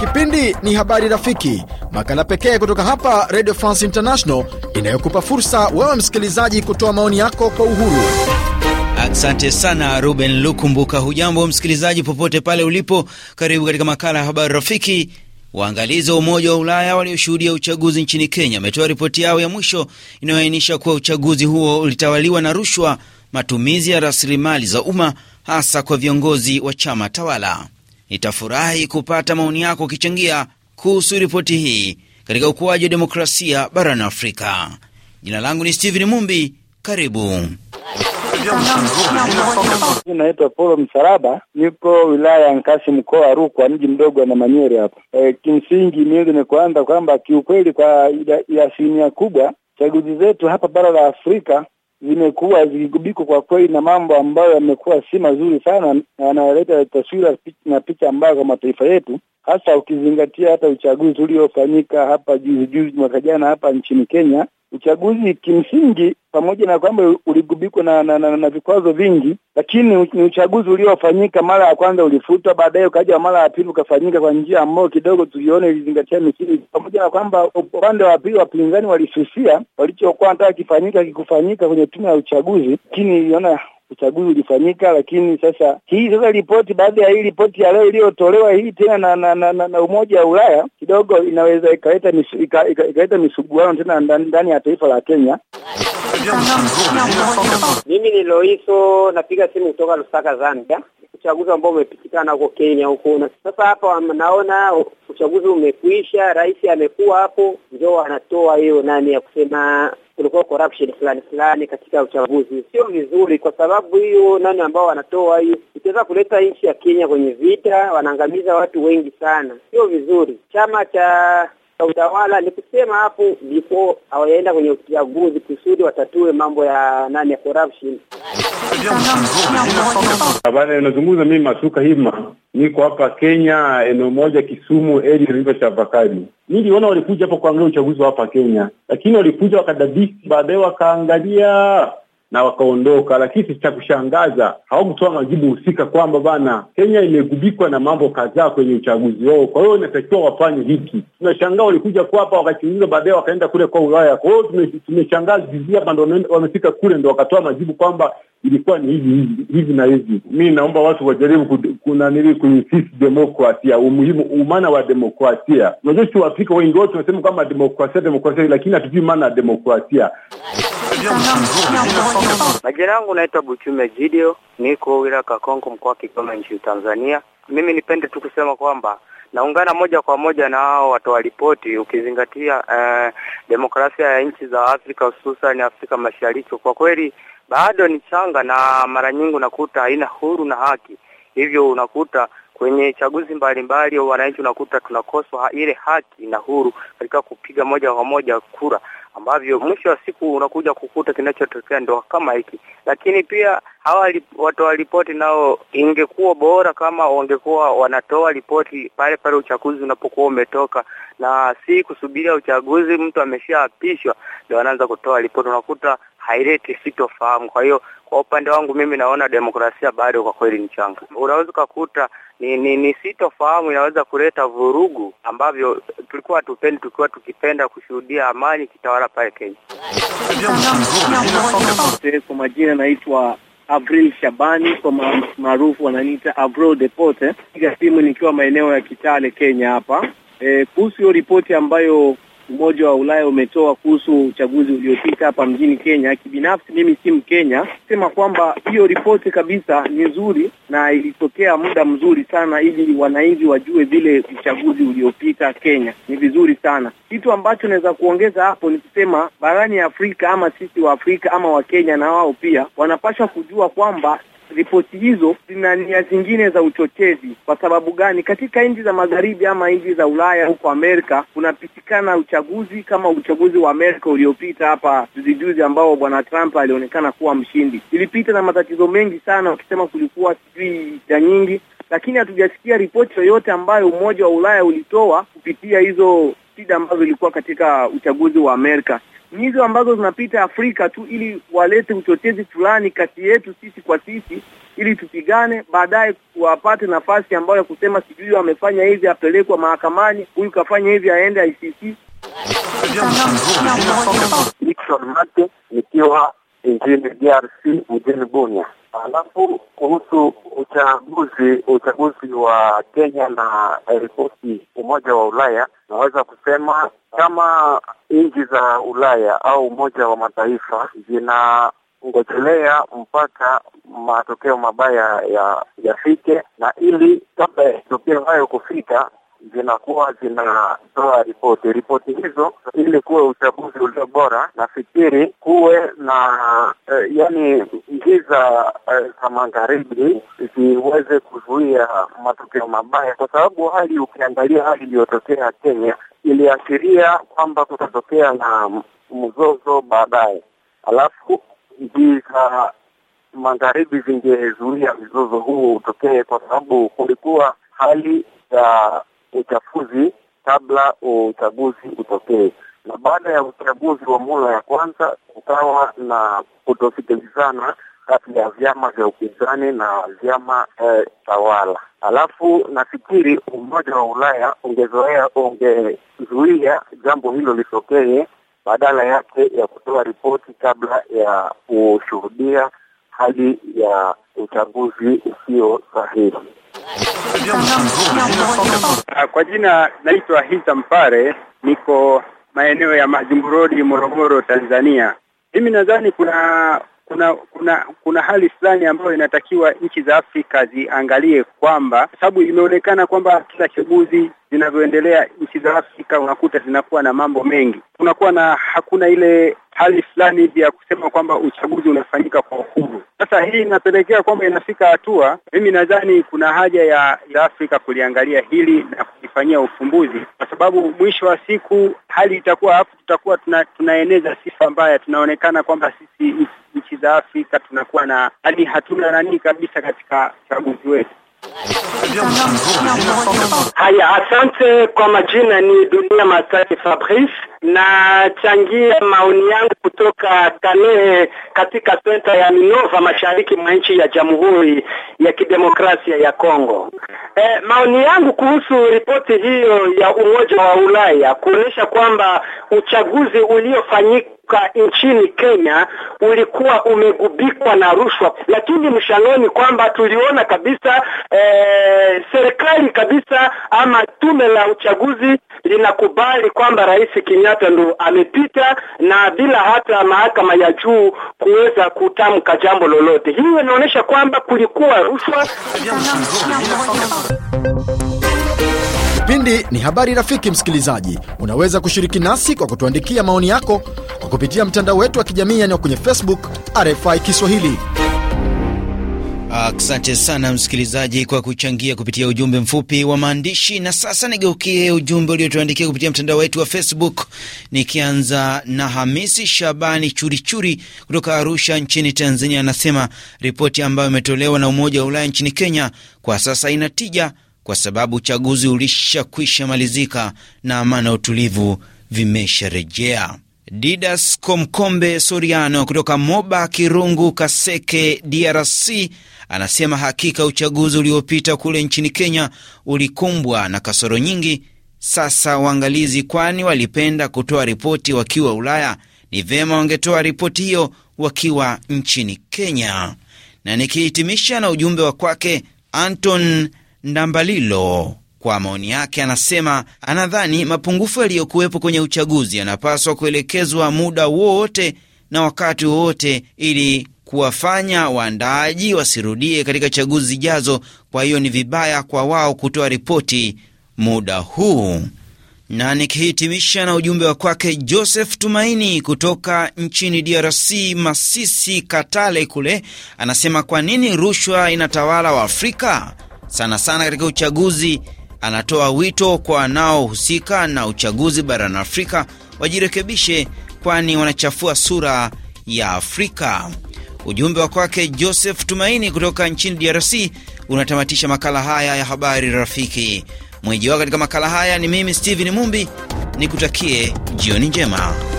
Kipindi ni Habari Rafiki, makala pekee kutoka hapa Radio France International inayokupa fursa wewe msikilizaji kutoa maoni yako kwa uhuru. Asante sana Ruben Lukumbuka. Hujambo msikilizaji popote pale ulipo, karibu katika makala ya Habari Rafiki. Waangalizi wa Umoja wa Ulaya walioshuhudia uchaguzi nchini Kenya wametoa ripoti yao ya mwisho inayoainisha kuwa uchaguzi huo ulitawaliwa na rushwa, matumizi ya rasilimali za umma hasa kwa viongozi wa chama tawala. Nitafurahi kupata maoni yako ukichangia kuhusu ripoti hii katika ukuaji wa demokrasia barani Afrika. Jina langu ni Steven Mumbi, karibu. Naitwa Polo Msaraba, niko wilaya ya Nkasi, mkoa wa Rukwa, mji mdogo wa Namanyere hapa. E, kimsingi miezi ni kuanza kwamba kiukweli, kwa asilimia kubwa chaguzi zetu hapa bara la Afrika zimekuwa zikigubikwa kwa kweli na mambo ambayo yamekuwa si mazuri sana, yanayoleta taswira na picha ambayo kwa mataifa yetu, hasa ukizingatia hata uchaguzi uliofanyika hapa juzi juzi mwaka jana hapa nchini Kenya uchaguzi kimsingi, pamoja na kwamba uligubikwa na, na, na, na vikwazo vingi, lakini ni uchaguzi uliofanyika. Mara ya kwanza ulifutwa, baadaye ukaja mara ya pili ukafanyika kwa njia ambayo kidogo tuliona ilizingatia misingi, pamoja na kwamba upande wa pili wapinzani walisusia walichokuwa nataka kifanyika kikufanyika kwenye tume ya uchaguzi, lakini iliona uchaguzi ulifanyika, lakini sasa hii sasa ripoti baada ya hii ripoti ya leo iliyotolewa hii tena na na, na, na Umoja wa Ulaya kidogo inaweza ikaleta ikaleta misuguano tena ndani ya taifa la Kenya. Mimi ni Loiso, napiga simu kutoka Lusaka, Zambia. Uchaguzi ambao umepitikana huko Kenya huko, na sasa hapa naona uchaguzi umekuisha, rais amekuwa hapo, ndio anatoa hiyo nani ya kusema kulikuwa corruption fulani fulani katika uchaguzi. Sio vizuri, kwa sababu hiyo nani ambao wanatoa hiyo itaweza kuleta nchi ya Kenya kwenye vita, wanaangamiza watu wengi sana. Sio vizuri. Chama cha cha utawala ni kusema hapo before hawaenda kwenye uchaguzi kusudi watatue mambo ya nani ya corruption. Habari, nazungumza mimi Masuka Hima, niko hapa Kenya, eneo moja Kisumu, area cha Bakari. Niliona walikuja hapa kuangalia uchaguzi wa hapa Kenya, lakini walikuja wakadadisi, baadaye wakaangalia na wakaondoka, lakini cha kushangaza hawakutoa majibu husika kwamba bana, Kenya imegubikwa na mambo kadhaa kwenye uchaguzi wao, kwa hiyo inatakiwa wafanye hiki. Tunashangaa walikuja kwa hapa wakachunguza, baadaye wakaenda kule kwa Ulaya. Kwa hiyo tumeshangaa, tume hapa ndo wamefika kule ndo wakatoa majibu kwamba ilikuwa ni hivi hivi na hivi. Mi naomba watu wajaribu kunanili kuinsist demokrasia, umuhimu umana wa demokrasia. Unajua si Waafrika wengi wote wanasema kwamba demokrasia demokrasia, lakini hatujui maana ya demokrasia. Majina yangu naitwa Buchume Gideo, niko wilaya Kakonko, mkoa wa Kigoma, nchini Tanzania. Mimi nipende tu kusema kwamba naungana moja kwa moja na hao watoa ripoti, ukizingatia eh, demokrasia ya nchi za Afrika hususan Afrika Mashariki kwa kweli bado ni changa, na mara nyingi unakuta haina huru na haki, hivyo unakuta kwenye chaguzi mbalimbali wananchi unakuta tunakoswa ile haki na huru katika kupiga moja kwa moja kura, ambavyo mwisho wa siku unakuja kukuta kinachotokea ndo kama hiki. Lakini pia hawa watoa ripoti nao, ingekuwa bora kama wangekuwa wanatoa ripoti pale pale uchaguzi unapokuwa umetoka, na si kusubiria uchaguzi, mtu ameshaapishwa ndio anaanza kutoa ripoti. Unakuta haileti sitofahamu. Kwa hiyo kwa upande wangu mimi naona demokrasia bado kwa kweli ni changa. Unaweza ukakuta ni, ni, ni sitofahamu inaweza kuleta vurugu ambavyo tulikuwa hatupendi, tukiwa tukipenda kushuhudia amani kitawala pale Kenya. Kwa majina naitwa Avril Shabani, kwa maarufu wananiita Avro Depote. Piga simu nikiwa maeneo ya Kitale, Kenya hapa. E, kuhusu hiyo ripoti ambayo Umoja wa Ulaya umetoa kuhusu uchaguzi uliopita hapa mjini Kenya. Kibinafsi mimi si Mkenya, sema kwamba hiyo ripoti kabisa ni nzuri na ilitokea muda mzuri sana, ili wananchi wajue vile uchaguzi uliopita Kenya. Ni vizuri sana. Kitu ambacho naweza kuongeza hapo ni kusema barani Afrika ama sisi wa Afrika ama Wakenya na wao pia wanapaswa kujua kwamba ripoti hizo zina nia zingine za uchochezi. Kwa sababu gani? Katika nchi za magharibi ama nchi za Ulaya huko Amerika kunapitikana uchaguzi kama uchaguzi wa Amerika uliopita hapa juzi juzi, ambao bwana Trump alionekana kuwa mshindi. Ilipita na matatizo mengi sana, wakisema kulikuwa sijui ya nyingi, lakini hatujasikia ripoti yoyote ambayo Umoja wa Ulaya ulitoa kupitia hizo shida ambazo ilikuwa katika uchaguzi wa Amerika ni hizo ambazo zinapita Afrika tu ili walete uchochezi fulani kati yetu sisi kwa sisi ili tupigane, baadaye wapate nafasi ambayo ya kusema sijui amefanya hivi apelekwa mahakamani, huyu kafanya hivi aende ICC. Nikiwa nchini DRC mjini Bunia. Alafu kuhusu uchaguzi uchaguzi wa Kenya na eh, ripoti Umoja wa Ulaya, naweza kusema kama nchi za Ulaya au Umoja wa Mataifa zinangojelea mpaka matokeo mabaya ya yafike, na ili kabla ya matokeo hayo kufika zinakuwa zinatoa ripoti. Ripoti hizo ili kuwe uchaguzi ulio bora, nafikiri kuwe na eh, yani ngiza za eh, magharibi ziweze kuzuia matokeo mabaya, kwa sababu hali ukiangalia hali iliyotokea Kenya iliashiria kwamba kutatokea na mzozo baadaye, alafu ngiza za magharibi zingezuia mzozo huu utokee, kwa sababu kulikuwa hali ya uchafuzi kabla uchaguzi utokee, na baada ya uchaguzi wa mula ya kwanza kukawa na kutosikilizana kati ya vyama vya upinzani na vyama eh, tawala Alafu nafikiri umoja wa Ulaya ungezoea ungezuia jambo hilo litokee, badala yake ya kutoa ripoti kabla ya kushuhudia hali ya uchaguzi usio sahihi. Ah, kwa jina naitwa Hita Mpare, niko maeneo ya mazimburodi Morogoro, Tanzania. Mimi nadhani kuna kuna kuna kuna hali fulani ambayo inatakiwa nchi za Afrika ziangalie kwamba, sababu imeonekana kwamba kila chaguzi zinavyoendelea nchi za Afrika unakuta zinakuwa na mambo mengi, kunakuwa na hakuna ile hali fulani hivi ya kusema kwamba uchaguzi unafanyika kwa uhuru. Sasa hii inapelekea kwamba inafika hatua, mimi nadhani kuna haja ya Afrika kuliangalia hili na kulifanyia ufumbuzi, kwa sababu mwisho wa siku hali itakuwa hapo, tutakuwa tuna, tunaeneza sifa mbaya, tunaonekana kwamba sisi nchi za Afrika tunakuwa na yaani hatuna nani kabisa katika uchaguzi wetu. Haya, asante kwa majina, ni Dunia Masai Fabrice, nachangia maoni yangu kutoka Kalehe katika senta ya Minova, mashariki mwa nchi ya Jamhuri ya Kidemokrasia ya Kongo. Eh, maoni yangu kuhusu ripoti hiyo ya Umoja wa Ulaya kuonyesha kwamba uchaguzi uliofanyika nchini Kenya ulikuwa umegubikwa na rushwa, lakini mshangoni kwamba tuliona kabisa eh, serikali kabisa ama tume la uchaguzi linakubali kwamba Rais Kenyatta ndo amepita na bila hata mahakama ya juu kuweza kutamka jambo lolote. Hiyo inaonyesha kwamba kulikuwa rushwa. Kipindi ni habari. Rafiki msikilizaji, unaweza kushiriki nasi kwa kutuandikia maoni yako kwa kupitia mtandao wetu wa kijamii, yani kwenye Facebook RFI Kiswahili. Asante sana msikilizaji kwa kuchangia kupitia ujumbe mfupi wa maandishi. Na sasa nigeukie ujumbe uliotuandikia kupitia mtandao wetu wa Facebook, nikianza na Hamisi Shabani Churichuri kutoka Arusha nchini Tanzania. Anasema ripoti ambayo imetolewa na Umoja wa Ulaya nchini Kenya kwa sasa ina tija kwa sababu uchaguzi ulishakwisha malizika na amani na utulivu vimesharejea. Didas Komkombe Soriano kutoka Moba Kirungu, Kaseke, DRC anasema hakika uchaguzi uliopita kule nchini Kenya ulikumbwa na kasoro nyingi. Sasa waangalizi, kwani walipenda kutoa ripoti wakiwa Ulaya, ni vema wangetoa ripoti hiyo wakiwa nchini Kenya. Na nikihitimisha na ujumbe wa kwake Anton Ndambalilo kwa maoni yake, anasema anadhani mapungufu yaliyokuwepo kwenye uchaguzi yanapaswa kuelekezwa muda wote na wakati wowote ili kuwafanya waandaaji wasirudie katika chaguzi zijazo. Kwa hiyo ni vibaya kwa wao kutoa ripoti muda huu. Na nikihitimisha na ujumbe wa kwake Joseph Tumaini kutoka nchini DRC, Masisi, Katale kule, anasema kwa nini rushwa inatawala Waafrika sana sana katika uchaguzi anatoa wito kwa wanaohusika na uchaguzi barani Afrika wajirekebishe, kwani wanachafua sura ya Afrika. Ujumbe wa kwake Joseph Tumaini kutoka nchini DRC unatamatisha makala haya ya habari rafiki. Mweji wao katika makala haya ni mimi Steven Mumbi, nikutakie jioni njema.